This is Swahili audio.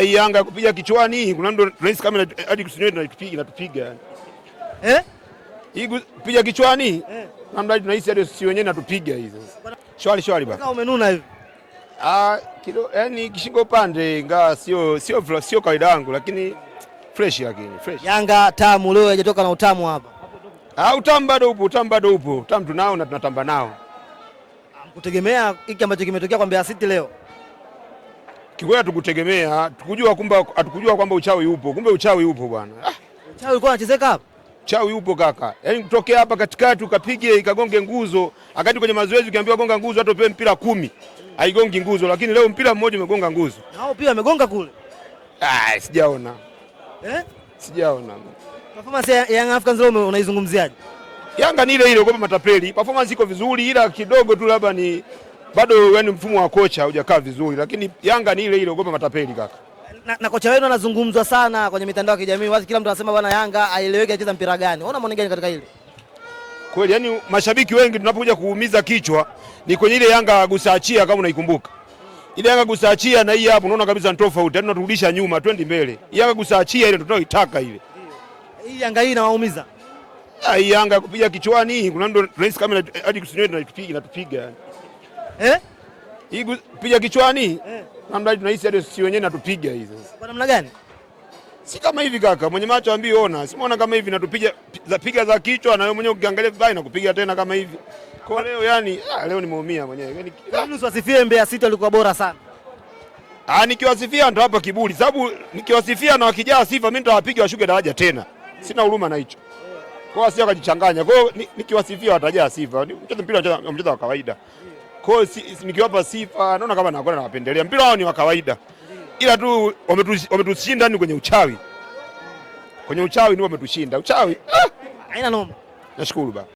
Hii Yanga kupiga kichwani, kuna ndo rais kama hadi kusinywe tunatupiga inatupiga. Eh? Hii kupiga kichwani? Eh. Na mradi tunahisi hadi sisi wenyewe natupiga hizo. Shwari shwari bana. Kama umenuna hivi. Ah, kilo yani kishingo pande ingawa sio sio sio kawaida yangu lakini fresh lakini fresh. Yanga tamu leo hajatoka na utamu hapa. Ah, utamu bado upo, utamu bado upo. Utamu tunao na tunatamba nao. Kutegemea hiki ambacho kimetokea kwa Mbeya City leo kikweli tukutegemea, tukujua kumba, atukujua kwamba uchawi upo, kumbe uchawi upo bwana. Ah, uchawi ulikuwa unachezeka hapa, uchawi upo kaka, yaani kutokea hapa katikati ukapige ikagonge nguzo, akati kwenye mazoezi ukiambiwa gonga nguzo, hata upewe mpira kumi haigongi nguzo, lakini leo mpira mmoja umegonga nguzo. Nao pia amegonga kule. Ah, sijaona eh? Sijaona performance ya Young Africans leo unaizungumziaje? Yanga ni ile ile kwa matapeli, performance iko vizuri, ila kidogo tu labda ni bado yani mfumo wa kocha hujakaa vizuri, lakini Yanga ni ile ile, ogopa matapeli kaka. Na, na kocha wenu anazungumzwa sana kwenye mitandao ya kijamii wazi, kila mtu anasema bwana, Yanga haieleweki anacheza mpira gani? Unaona maoni gani katika hili? Kweli yani mashabiki wengi tunapokuja kuumiza kichwa ni kwenye ile Yanga gusaachia, kama unaikumbuka ile Yanga gusaachia na hii hapo, unaona kabisa ni tofauti, yani tunarudisha nyuma, twende mbele. Yanga gusaachia ile ndio tunayoitaka ile. Hii Yanga hii inawaumiza ah, hii Yanga kupiga kichwani, kuna ndio kama hadi kusinywe inatupiga yani eh? Hii kupiga kichwani eh. Namna tunahisi hadi sisi wenyewe natupiga sasa. Kwa namna gani? Si kama hivi kaka, mwenye macho ambii ona. Simuona kama hivi natupiga za piga za kichwa na wewe mwenyewe ukiangalia vibaya na kupiga tena kama hivi. Kwa leo yani, ah, leo nimeumia mwenyewe. Yaani Yunus ah. wasifie Mbeya City alikuwa bora sana. Ah, nikiwasifia ndo hapa kiburi. Sababu nikiwasifia na wakijaa sifa mimi nitawapiga washuke daraja tena. Sina huruma na hicho. Kwa sio akajichanganya. Kwa hiyo nikiwasifia watajaa sifa. Mchezo mpira mchezo wa kawaida. Kwa hiyo si, nikiwapa sifa naona kama nakwenda nawapendelea. Mpira wao ni wa kawaida, ila tu wametushinda ni kwenye uchawi, kwenye uchawi ndio wametushinda uchawi. Ah, haina noma. Nashukuru ba